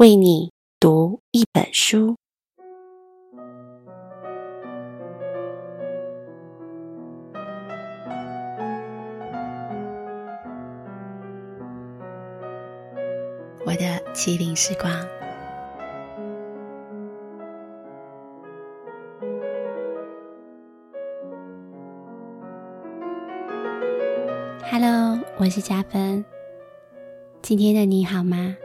為你讀一本書，《我的麒羚時光》。Hello，我是佳芬。今天的你好嗎？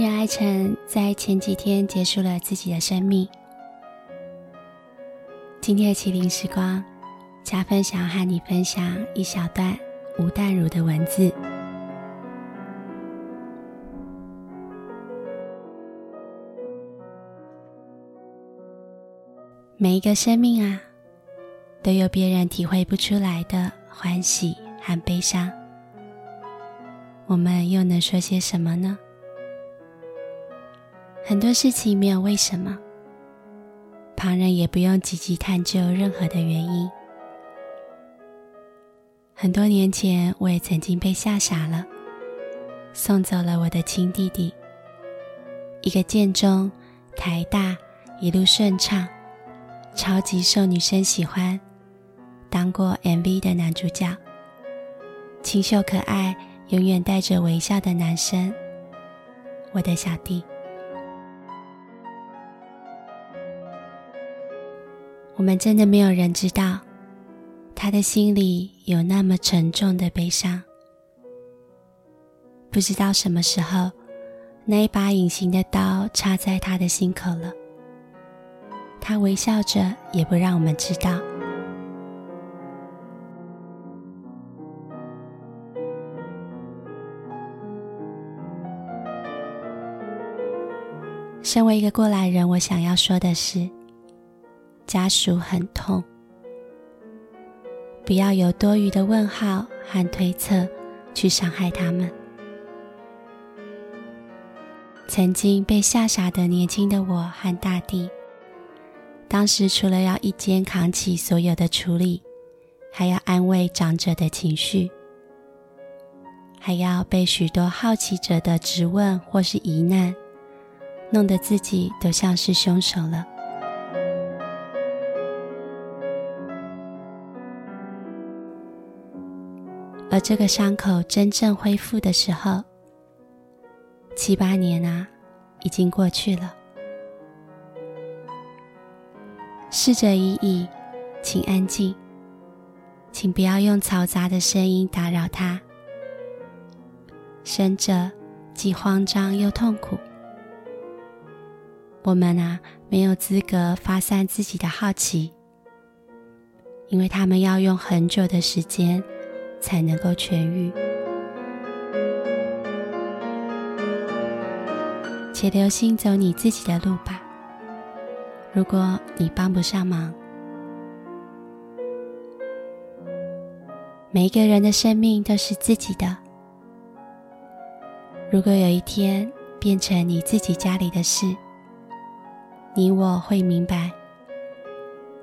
人愛塵在前幾天結束了自己的生命。今天的麒羚時光，加分享和你分享一小段吳淡如的文字。每一個生命啊，都有別人體會不出來的歡喜和悲傷，我們又能說些什麼呢？很多事情沒有為什麼，旁人也不用積極探究任何的原因。很多年前，我也曾經被嚇傻了，送走了我的親弟弟，一個建中台大，一路順暢，超級受女生喜歡，當過 MV 的男主角，清秀可愛，永遠帶着微笑的男生，我的小弟。我們真的沒有人知道，他的心裡有那麼沉重的悲傷。不知道什麼時候，那一把隱形的刀插在他的心口了。他微笑着，也不讓我們知道。身為一個過來人，我想要說的是，家屬很痛，不要有多餘的問號和推測去傷害他們。曾經被嚇傻的年輕的我和大地，當時除了要一肩扛起所有的處理，還要安慰長者的情緒，還要被許多好奇者的質問或是疑難弄得自己都像是兇手了。而這個傷口真正恢復的時候，七八年啊，已經過去了。逝者已矣，請安靜，請不要用嘈雜的聲音打擾他。生者既慌張又痛苦，我們啊，沒有資格發散自己的好奇，因為他們要用很久的時間。才能夠痊癒。且留心走你自己的路吧。如果你幫不上忙，每個人的生命都是自己的。如果有一天變成你自己家裡的事，你我會明白，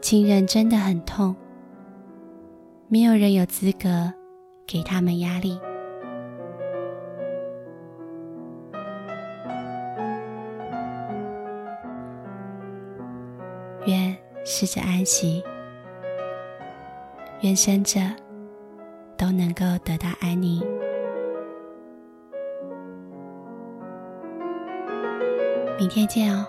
親人真的很痛，沒有人有資格，給他們壓力。願逝者安息，願生者都能夠得到安寧。明天見哦。